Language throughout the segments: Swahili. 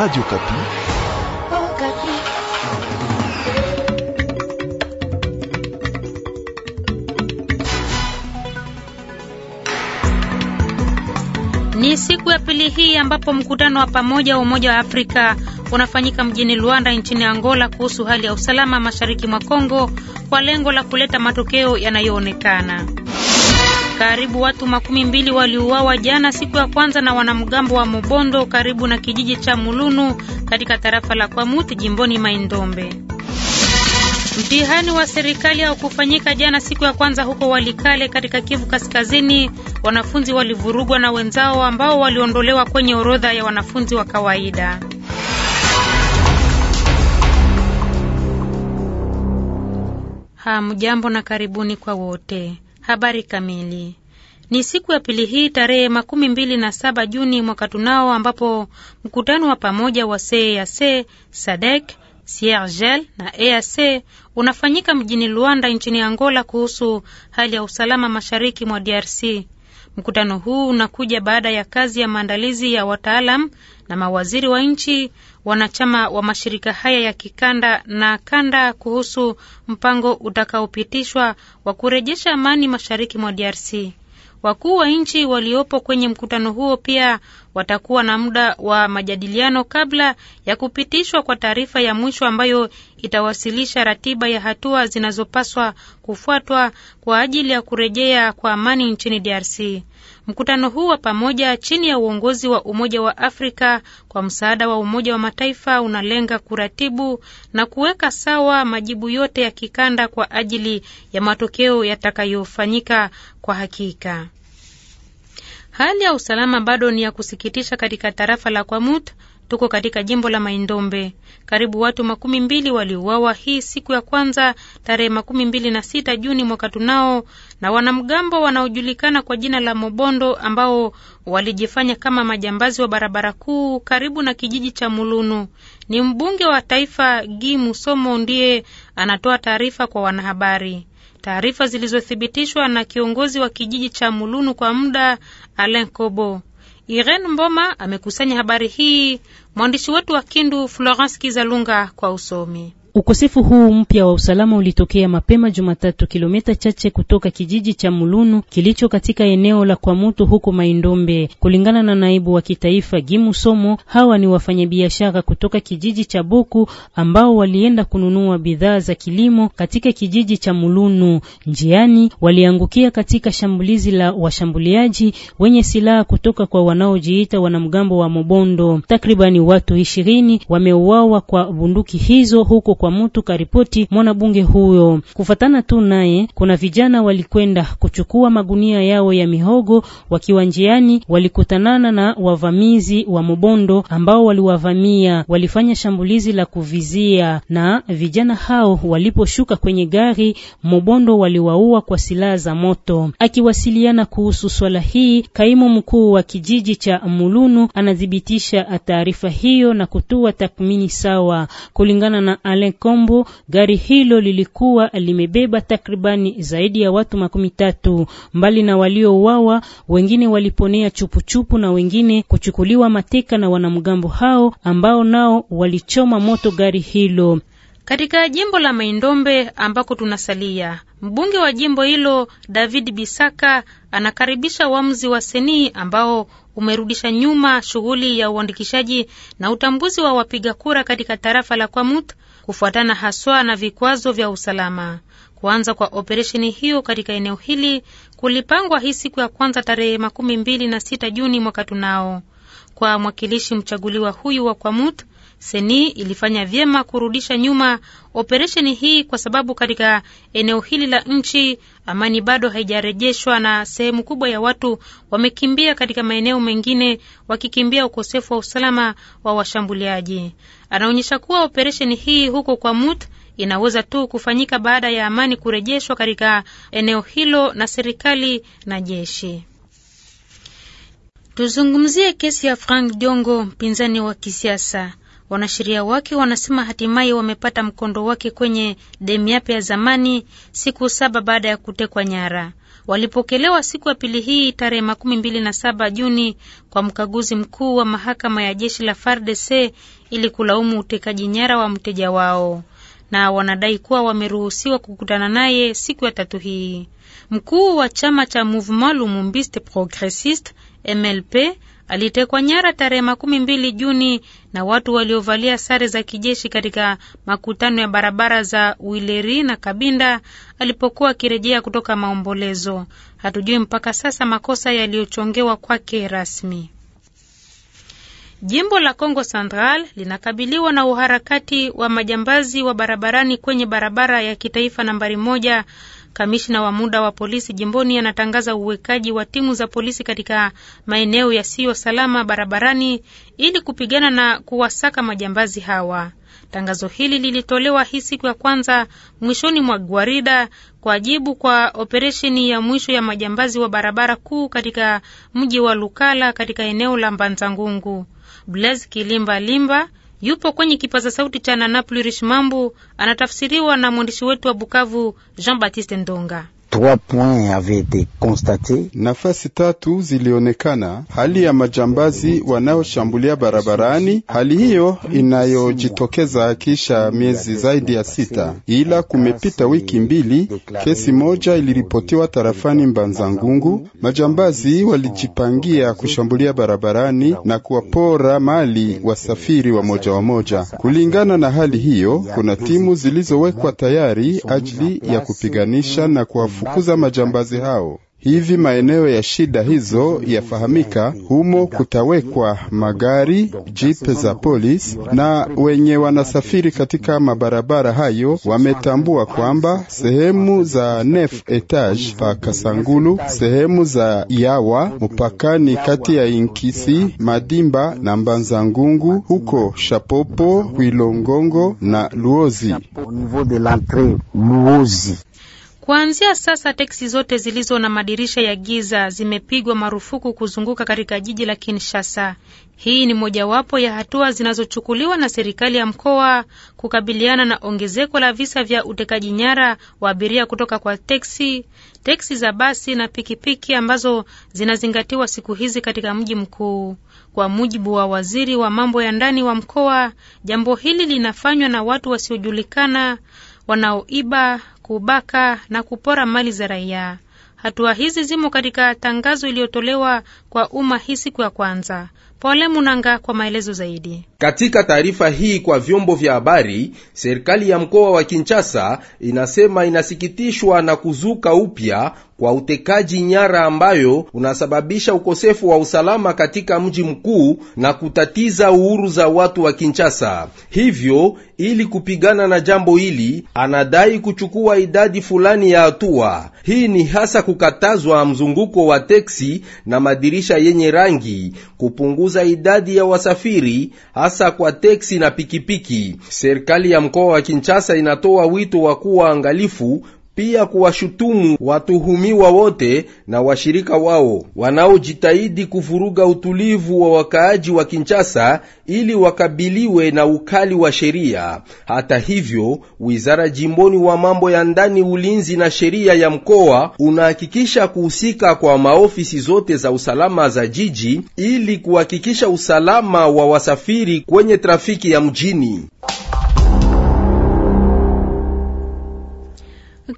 Radio Kapi. Oh, Kapi. Ni siku ya pili hii ambapo mkutano wa pamoja wa Umoja wa Afrika unafanyika mjini Luanda nchini Angola kuhusu hali ya usalama mashariki mwa Kongo kwa lengo la kuleta matokeo yanayoonekana. Karibu watu makumi mbili waliuawa jana siku ya kwanza na wanamgambo wa Mobondo karibu na kijiji cha Mulunu katika tarafa la Kwamuti jimboni Maindombe. Mtihani wa serikali haukufanyika jana siku ya kwanza huko Walikale katika Kivu Kaskazini. Wanafunzi walivurugwa na wenzao ambao waliondolewa kwenye orodha ya wanafunzi wa kawaida. Hamjambo na karibuni kwa wote. Habari kamili ni siku ya pili hii tarehe makumi mbili na saba Juni mwaka tunao, ambapo mkutano wa pamoja wa CEAC, SADEK, Siergel na EAC unafanyika mjini Luanda nchini Angola kuhusu hali ya usalama mashariki mwa DRC. Mkutano huu unakuja baada ya kazi ya maandalizi ya wataalam na mawaziri wa nchi wanachama wa mashirika haya ya kikanda na kanda kuhusu mpango utakaopitishwa wa kurejesha amani mashariki mwa DRC. Wakuu wa nchi waliopo kwenye mkutano huo pia watakuwa na muda wa majadiliano kabla ya kupitishwa kwa taarifa ya mwisho ambayo itawasilisha ratiba ya hatua zinazopaswa kufuatwa kwa ajili ya kurejea kwa amani nchini DRC. Mkutano huu wa pamoja chini ya uongozi wa Umoja wa Afrika kwa msaada wa Umoja wa Mataifa unalenga kuratibu na kuweka sawa majibu yote ya kikanda kwa ajili ya matokeo yatakayofanyika kwa hakika. Hali ya usalama bado ni ya kusikitisha katika tarafa la Kwamut. Tuko katika jimbo la Maindombe. Karibu watu makumi mbili waliuawa hii siku ya kwanza tarehe makumi mbili na sita Juni mwaka tunao na wanamgambo wanaojulikana kwa jina la Mobondo ambao walijifanya kama majambazi wa barabara kuu karibu na kijiji cha Mulunu. Ni mbunge wa taifa Gi Musomo ndiye anatoa taarifa kwa wanahabari taarifa zilizothibitishwa na kiongozi wa kijiji cha Mulunu kwa muda Alain Kobo. Irene Mboma amekusanya habari hii. Mwandishi wetu wa Kindu Florence Kizalunga kwa usomi Ukosefu huu mpya wa usalama ulitokea mapema Jumatatu, kilomita chache kutoka kijiji cha Mulunu kilicho katika eneo la Kwamutu huko Maindombe. Kulingana na naibu wa kitaifa Gimu Somo, hawa ni wafanyabiashara kutoka kijiji cha Boku ambao walienda kununua bidhaa za kilimo katika kijiji cha Mulunu. Njiani waliangukia katika shambulizi la washambuliaji wenye silaha kutoka kwa wanaojiita wanamgambo wa Mobondo. Takribani watu ishirini wameuawa kwa bunduki hizo huko kwa mtu, karipoti mwanabunge huyo. Kufatana tu naye, kuna vijana walikwenda kuchukua magunia yao ya mihogo, wakiwa njiani walikutanana na wavamizi wa Mobondo ambao waliwavamia, walifanya shambulizi la kuvizia, na vijana hao waliposhuka kwenye gari Mobondo waliwaua kwa silaha za moto. Akiwasiliana kuhusu swala hii, kaimu mkuu wa kijiji cha Mulunu anathibitisha taarifa hiyo na kutoa takmini sawa kulingana na Alain Kombo, gari hilo lilikuwa limebeba takribani zaidi ya watu makumi tatu. Mbali na waliouawa, wengine waliponea chupuchupu na wengine kuchukuliwa mateka na wanamgambo hao ambao nao walichoma moto gari hilo. Katika jimbo la Maindombe ambako tunasalia, mbunge wa jimbo hilo David Bisaka anakaribisha uamuzi wa Senii ambao umerudisha nyuma shughuli ya uandikishaji na utambuzi wa wapiga kura katika tarafa la Kwamut kufuatana haswa na vikwazo vya usalama. Kuanza kwa operesheni hiyo katika eneo hili kulipangwa hii siku ya kwanza tarehe makumi mbili na sita Juni mwaka tunao. Kwa mwakilishi mchaguliwa huyu wa Kwamut, Seni ilifanya vyema kurudisha nyuma operesheni hii kwa sababu katika eneo hili la nchi amani bado haijarejeshwa na sehemu kubwa ya watu wamekimbia katika maeneo mengine wakikimbia ukosefu wa usalama wa washambuliaji. Anaonyesha kuwa operesheni hii huko kwa Mut inaweza tu kufanyika baada ya amani kurejeshwa katika eneo hilo na serikali na jeshi. Tuzungumzie kesi ya Frank Diongo, mpinzani wa kisiasa. Wanasheria wake wanasema hatimaye wamepata mkondo wake kwenye Demiape ya zamani siku saba baada ya kutekwa nyara. Walipokelewa siku ya pili hii tarehe makumi mbili na saba Juni kwa mkaguzi mkuu wa mahakama ya jeshi la FARDC ili kulaumu utekaji nyara wa mteja wao, na wanadai kuwa wameruhusiwa kukutana naye siku ya tatu hii. Mkuu wa chama cha Mouvement Lumumbiste Progressiste MLP Alitekwa nyara tarehe makumi mbili Juni na watu waliovalia sare za kijeshi katika makutano ya barabara za Wileri na Kabinda alipokuwa akirejea kutoka maombolezo. Hatujui mpaka sasa makosa yaliyochongewa kwake rasmi. Jimbo la congo Central linakabiliwa na uharakati wa majambazi wa barabarani kwenye barabara ya kitaifa nambari moja Kamishna wa muda wa polisi jimboni anatangaza uwekaji wa timu za polisi katika maeneo yasiyo salama barabarani ili kupigana na kuwasaka majambazi hawa. Tangazo hili lilitolewa hii siku ya kwanza mwishoni mwa gwarida kwa jibu kwa operesheni ya mwisho ya majambazi wa barabara kuu katika mji wa Lukala katika eneo la Mbanzangungu. Blaise Kilimba Limba yupo kwenye kipaza sauti cha Nanaplulish Mambu, anatafsiriwa na mwandishi wetu wa Bukavu Jean Baptiste Ndonga. Nafasi tatu zilionekana, hali ya majambazi wanaoshambulia barabarani, hali hiyo inayojitokeza kisha miezi zaidi ya sita, ila kumepita wiki mbili. Kesi moja iliripotiwa tarafani Mbanza-Ngungu, majambazi walijipangia kushambulia barabarani na kuwapora mali wasafiri wa moja wa moja. Kulingana na hali hiyo, kuna timu zilizowekwa tayari ajili ya kupiganisha na kuwafu kufukuza majambazi hao. Hivi maeneo ya shida hizo yafahamika, humo kutawekwa magari jeep za polisi, na wenye wanasafiri katika mabarabara hayo wametambua kwamba sehemu za nef etage pa Kasangulu, sehemu za Yawa mpakani kati ya Inkisi, Madimba na Mbanza Ngungu, huko Shapopo, Kwilongongo na Luozi. Kuanzia sasa teksi zote zilizo na madirisha ya giza zimepigwa marufuku kuzunguka katika jiji la Kinshasa. Hii ni mojawapo ya hatua zinazochukuliwa na serikali ya mkoa kukabiliana na ongezeko la visa vya utekaji nyara wa abiria kutoka kwa teksi, teksi za basi na pikipiki ambazo zinazingatiwa siku hizi katika mji mkuu. Kwa mujibu wa waziri wa mambo ya ndani wa mkoa, jambo hili linafanywa na watu wasiojulikana wanaoiba kubaka na kupora mali za raia. Hatua hizi zimo katika tangazo iliyotolewa kwa umma hii siku ya kwanza. Pole Munanga kwa maelezo zaidi. Katika taarifa hii kwa vyombo vya habari, serikali ya mkoa wa Kinshasa inasema inasikitishwa na kuzuka upya kwa utekaji nyara ambayo unasababisha ukosefu wa usalama katika mji mkuu na kutatiza uhuru za watu wa Kinshasa. Hivyo, ili kupigana na jambo hili, anadai kuchukua idadi fulani ya hatua. Hii ni hasa kukatazwa mzunguko wa teksi na madirisha yenye rangi, kupunguza idadi ya wasafiri hasa kwa teksi na pikipiki. Serikali ya mkoa wa Kinshasa inatoa wito wa kuwa angalifu pia kuwashutumu watuhumiwa wote na washirika wao wanaojitahidi kuvuruga utulivu wa wakaaji wa Kinshasa ili wakabiliwe na ukali wa sheria. Hata hivyo, wizara jimboni wa mambo ya ndani, ulinzi na sheria ya mkoa unahakikisha kuhusika kwa maofisi zote za usalama za jiji ili kuhakikisha usalama wa wasafiri kwenye trafiki ya mjini.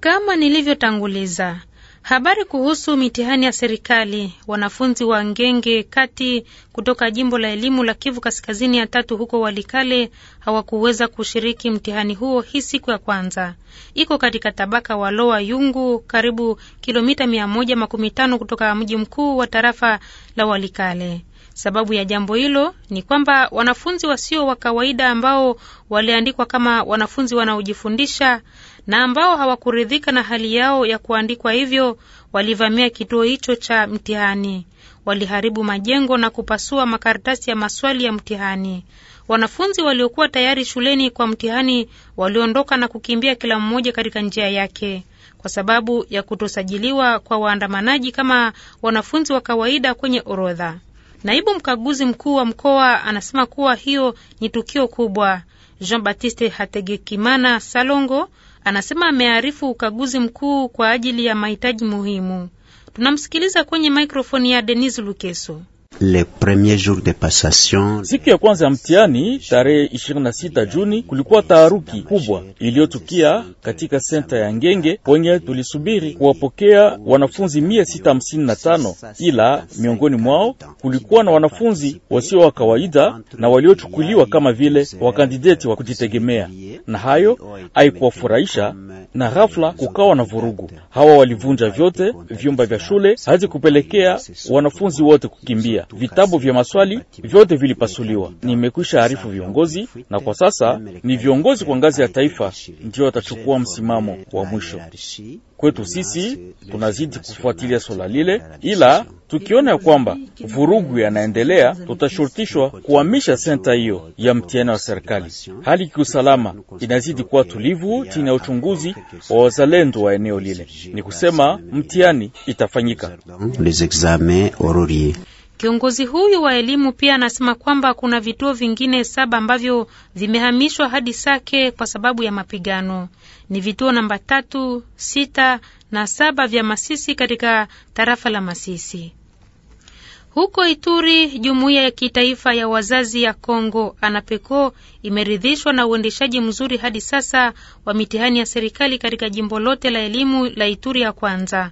Kama nilivyotanguliza habari kuhusu mitihani ya serikali, wanafunzi wa Ngenge Kati kutoka jimbo la elimu la Kivu Kaskazini ya tatu huko Walikale hawakuweza kushiriki mtihani huo hii siku ya kwanza. Iko katika tabaka wa Loa Yungu, karibu kilomita mia moja makumi tano kutoka mji mkuu wa tarafa la Walikale. Sababu ya jambo hilo ni kwamba wanafunzi wasio wa kawaida ambao waliandikwa kama wanafunzi wanaojifundisha na ambao hawakuridhika na hali yao ya kuandikwa hivyo walivamia kituo hicho cha mtihani. Waliharibu majengo na kupasua makaratasi ya maswali ya mtihani. Wanafunzi waliokuwa tayari shuleni kwa mtihani waliondoka na kukimbia kila mmoja katika njia yake, kwa sababu ya kutosajiliwa kwa waandamanaji kama wanafunzi wa kawaida kwenye orodha. Naibu mkaguzi mkuu wa mkoa anasema kuwa hiyo ni tukio kubwa. Jean Baptiste Hategekimana Salongo anasema amearifu ukaguzi mkuu kwa ajili ya mahitaji muhimu. Tunamsikiliza kwenye mikrofoni ya Denis Lukeso le premier jour de passation. Siku ya kwanza ya mtihani tarehe 26 Juni, kulikuwa taharuki kubwa iliyotukia katika senta ya Ngenge kwenye tulisubiri kuwapokea wanafunzi 655 ila miongoni mwao kulikuwa na wanafunzi wasio wa kawaida na waliochukuliwa kama vile wakandideti wa kujitegemea, na hayo haikuwafurahisha na ghafla kukawa na vurugu. Hawa walivunja vyote, vyumba vya shule hadi kupelekea wanafunzi wote kukimbia. Vitabu vya maswali vyote vilipasuliwa. Nimekwisha arifu viongozi, na kwa sasa ni viongozi kwa ngazi ya taifa ndio watachukua msimamo wa mwisho. Kwetu sisi tunazidi kufuatilia swala lile, ila tukiona kwamba vurugu yanaendelea, tutashurutishwa kuhamisha senta hiyo ya mtihani wa serikali. Hali kiusalama inazidi kuwa tulivu chini ya uchunguzi wa wazalendo wa eneo lile, ni kusema mtihani itafanyika. Kiongozi huyu wa elimu pia anasema kwamba kuna vituo vingine saba ambavyo vimehamishwa hadi Sake kwa sababu ya mapigano ni vituo namba tatu, sita na saba vya Masisi katika tarafa la Masisi. Huko Ituri, jumuiya ya kitaifa ya wazazi ya congo ANAPECO imeridhishwa na uendeshaji mzuri hadi sasa wa mitihani ya serikali katika jimbo lote la elimu la Ituri ya kwanza,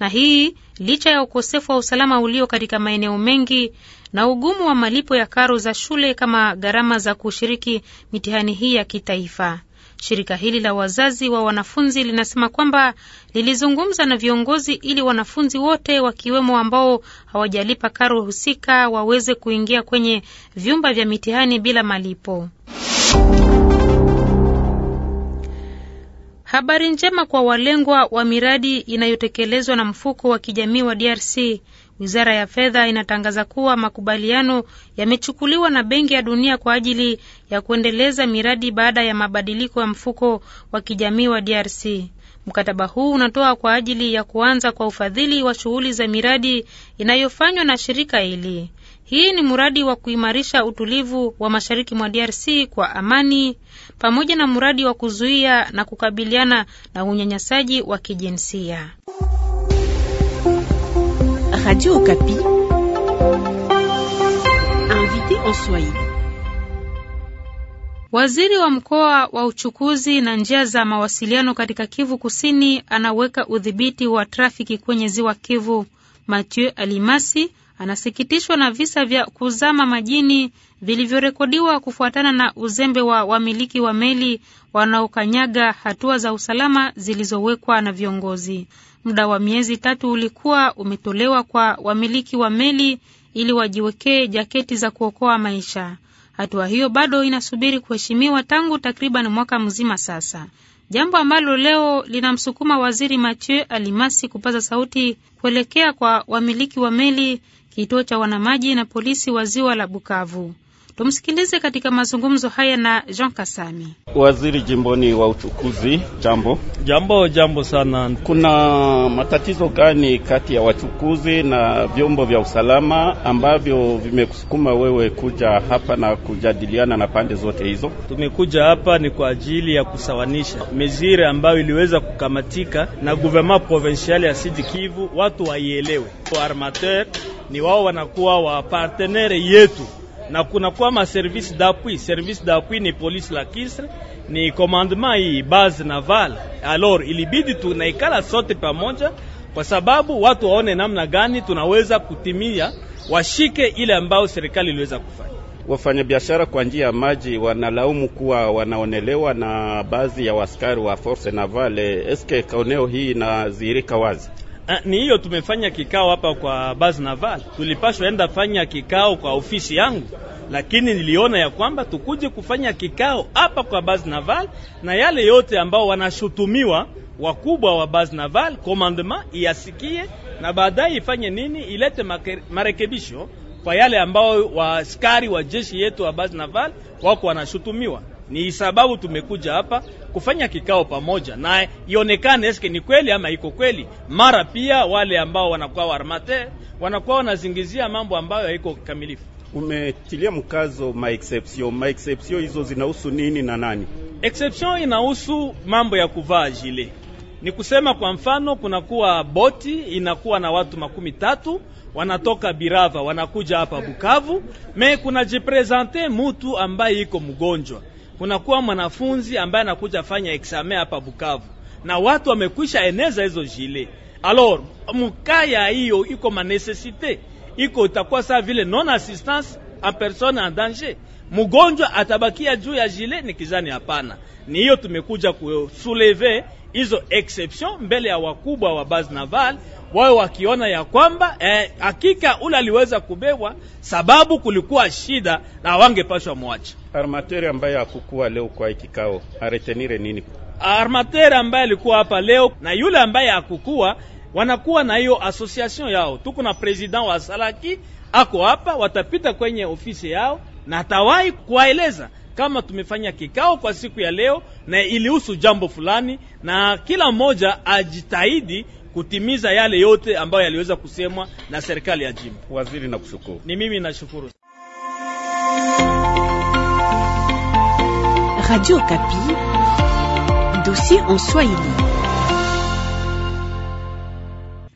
na hii licha ya ukosefu wa usalama ulio katika maeneo mengi na ugumu wa malipo ya karo za shule kama gharama za kushiriki mitihani hii ya kitaifa. Shirika hili la wazazi wa wanafunzi linasema kwamba lilizungumza na viongozi ili wanafunzi wote wakiwemo ambao hawajalipa karo husika waweze kuingia kwenye vyumba vya mitihani bila malipo. Habari njema kwa walengwa wa miradi inayotekelezwa na mfuko wa kijamii wa DRC. Wizara ya fedha inatangaza kuwa makubaliano yamechukuliwa na Benki ya Dunia kwa ajili ya kuendeleza miradi baada ya mabadiliko ya mfuko wa kijamii wa DRC. Mkataba huu unatoa kwa ajili ya kuanza kwa ufadhili wa shughuli za miradi inayofanywa na shirika hili. Hii ni mradi wa kuimarisha utulivu wa mashariki mwa DRC kwa amani pamoja na mradi wa kuzuia na kukabiliana na unyanyasaji wa kijinsia. Radio Okapi. Invité en Swahili. Waziri wa mkoa wa uchukuzi na njia za mawasiliano katika Kivu Kusini anaweka udhibiti wa trafiki kwenye Ziwa Kivu, Mathieu Alimasi anasikitishwa na visa vya kuzama majini vilivyorekodiwa kufuatana na uzembe wa wamiliki wa meli wanaokanyaga hatua za usalama zilizowekwa na viongozi. Muda wa miezi tatu ulikuwa umetolewa kwa wamiliki wa meli ili wajiwekee jaketi za kuokoa maisha. Hatua hiyo bado inasubiri kuheshimiwa tangu takriban mwaka mzima sasa, jambo ambalo leo linamsukuma waziri Mathieu Alimasi kupaza sauti kuelekea kwa wamiliki wa meli kituo cha wanamaji na polisi wa ziwa la Bukavu. Tumsikilize katika mazungumzo haya na Jean Kasami, waziri jimboni wa uchukuzi. Jambo jambo jambo sana. Kuna matatizo gani kati ya wachukuzi na vyombo vya usalama ambavyo vimekusukuma wewe kuja hapa na kujadiliana na pande zote hizo? Tumekuja hapa ni kwa ajili ya kusawanisha mezire ambayo iliweza kukamatika na guvema provincial ya Sud Kivu. Watu waielewe, armateur ni wao wanakuwa wa partenere yetu na kwa ma service d'appui. Service d'appui ni police la Kisre, ni commandement hii base naval. Alors ilibidi tunaikala sote pamoja, kwa sababu watu waone namna gani tunaweza kutimia, washike ile ambayo serikali iliweza kufanya. Wafanyabiashara kwa njia ya maji wanalaumu kuwa wanaonelewa na baadhi ya waskari wa force navale. Eske kaoneo hii inazihirika wazi? Ah, ni hiyo tumefanya kikao hapa kwa base naval. Tulipaswa enda fanya kikao kwa ofisi yangu, lakini niliona ya kwamba tukuje kufanya kikao hapa kwa base naval, na yale yote ambao wanashutumiwa wakubwa wa base naval, commandement iyasikie na baadaye ifanye nini, ilete marekebisho kwa yale ambao waskari wa jeshi yetu wa base naval wako wanashutumiwa. Ni sababu tumekuja hapa kufanya kikao pamoja naye, ionekane eske ni kweli ama iko kweli. Mara pia wale ambao wanakuwa warmate wanakuwa wanazingizia mambo ambayo haiko kamilifu Umetilia mkazo ma exception, ma exception hizo zinahusu nini na nani? Exception inahusu mambo ya kuvaa jile ni kusema kwa mfano, kunakuwa boti inakuwa na watu makumi tatu wanatoka Birava wanakuja hapa Bukavu, me jipresente mutu ambaye iko mgonjwa kunakuwa mwanafunzi ambaye anakuja fanya eksame hapa Bukavu na watu wamekwisha eneza hizo jile. Alors mukaya hiyo iko manesesite, iko itakuwa saa vile non assistance en personne en danger, mgonjwa atabakia juu ya jile. Ni kizani hapana, ni hiyo tumekuja kusuleve hizo exception mbele ya wakubwa wa base naval, wao wakiona ya kwamba eh, hakika eh, ule aliweza kubebwa sababu kulikuwa shida na wangepashwa mwacha armateur ambaye akukua leo kwa kikao aretenire nini? Armateur ambaye alikuwa hapa leo na yule ambaye akukua wanakuwa na hiyo association yao. Tuko na president wa Salaki ako hapa, watapita kwenye ofisi yao na atawahi kuwaeleza kama tumefanya kikao kwa siku ya leo na ilihusu jambo fulani, na kila mmoja ajitahidi kutimiza yale yote ambayo yaliweza kusemwa na serikali ya jimbo. Waziri, nakushukuru. Ni mimi nashukuru. Radio Okapi. Dossier en Swahili.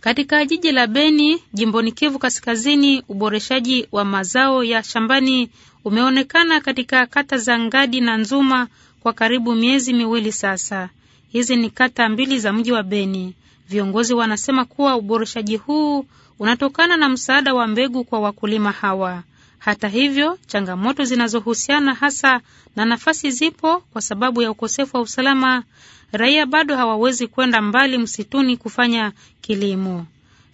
Katika jiji la Beni, jimboni Kivu Kaskazini, uboreshaji wa mazao ya shambani umeonekana katika kata za Ngadi na Nzuma kwa karibu miezi miwili sasa. Hizi ni kata mbili za mji wa Beni. Viongozi wanasema kuwa uboreshaji huu unatokana na msaada wa mbegu kwa wakulima hawa. Hata hivyo, changamoto zinazohusiana hasa na nafasi zipo kwa sababu ya ukosefu wa usalama. Raia bado hawawezi kwenda mbali msituni kufanya kilimo.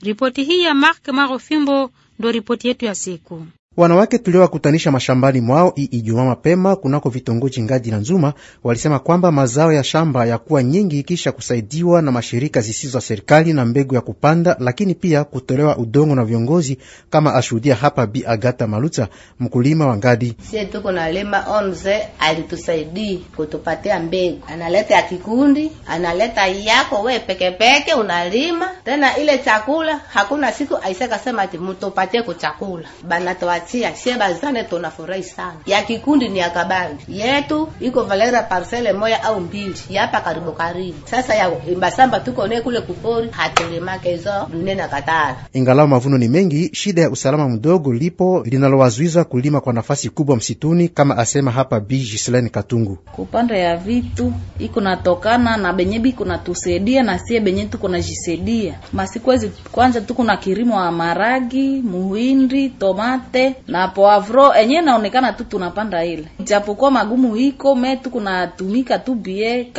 Ripoti hii ya Mark Marofimbo ndo ripoti yetu ya siku. Wanawake tuliowakutanisha mashambani mwao hii Ijumaa mapema kunako vitongoji Ngadi na Nzuma walisema kwamba mazao ya shamba ya kuwa nyingi kisha kusaidiwa na mashirika zisizo za serikali na mbegu ya kupanda, lakini pia kutolewa udongo na viongozi, kama ashuhudia hapa Bi Agata Maluta, mkulima wa Ngadi. Sie tuko na lema onze alitusaidii kutupatia mbegu, analeta ya kikundi, analeta yako we pekepeke, unalima tena ile chakula. Hakuna siku aisakasema ati mutupatie kuchakula banatoa tunapatia sheba zane, tunafurahi sana. Ya kikundi ni ya Kabambi yetu iko Valera parcele moya au mbili hapa karibu karibu. Sasa ya Imbasamba tuko ne kule kupori hatulimake hizo dunia na katara. Ingalau mavuno ni mengi, shida ya usalama mdogo lipo linalowazuiza kulima kwa nafasi kubwa msituni, kama asema hapa Bi Gislaine Katungu. Kupanda ya vitu iko natokana na benyebi kuna tusaidia na sie benye tuko najisaidia masikwezi. Kwanza tuko na kirimo wa maragi, muhindi, tomate ile na poavro enye naonekana tu tunapanda ile, ijapokuwa magumu iko me tu kunatumika tu bie,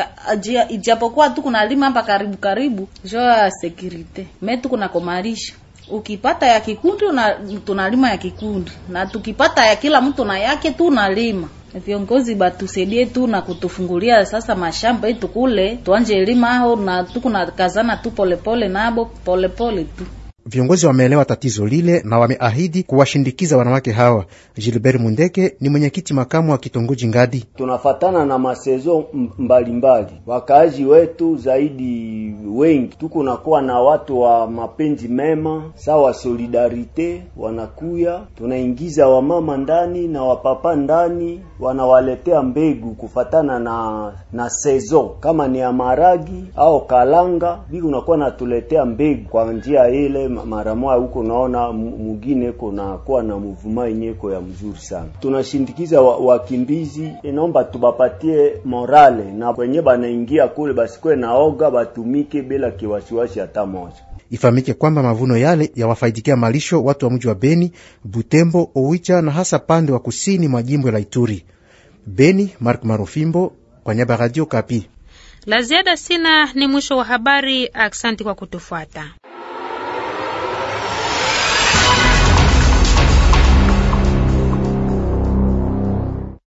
ijapokuwa tu kunalima hapa karibu karibu jo ya security me tu kunakomarisha ukipata ya kikundi una, tunalima ya kikundi, na tukipata ya kila mtu na yake tu tunalima. Viongozi batusaidie tu na kutufungulia sasa mashamba yetu kule tuanje lima hao, na tukuna kazana tu polepole pole, nabo polepole pole tu. Viongozi wameelewa tatizo lile na wameahidi kuwashindikiza wanawake hawa. Gilbert Mundeke ni mwenyekiti makamu wa kitongoji Ngadi. Tunafatana na masezo mbalimbali, wakaaji wetu zaidi wengi tuko nakuwa na watu wa mapenzi mema, sawa solidarite, wanakuya tunaingiza wamama ndani na wapapa ndani, wanawaletea mbegu kufatana na na sezo, kama ni ya maragi au kalanga, biko nakuwa natuletea mbegu kwa njia ile mara moja huko, naona mwingine kuna kuwa na mvuma yenyeko ya mzuri sana. Tunashindikiza wakimbizi wa e, inaomba tubapatie morale na wenye banaingia kule basikwe naoga batumike bila kiwasiwasi hata moja. Ifahamike kwamba mavuno yale yawafaidikia malisho watu wa mji wa Beni, Butembo, Owicha na hasa pande wa kusini mwa jimbo la Ituri. Beni, Mark Marofimbo kwa nyaba Radio Kapi. La ziada sina, ni mwisho wa habari. Aksanti kwa kutufuata.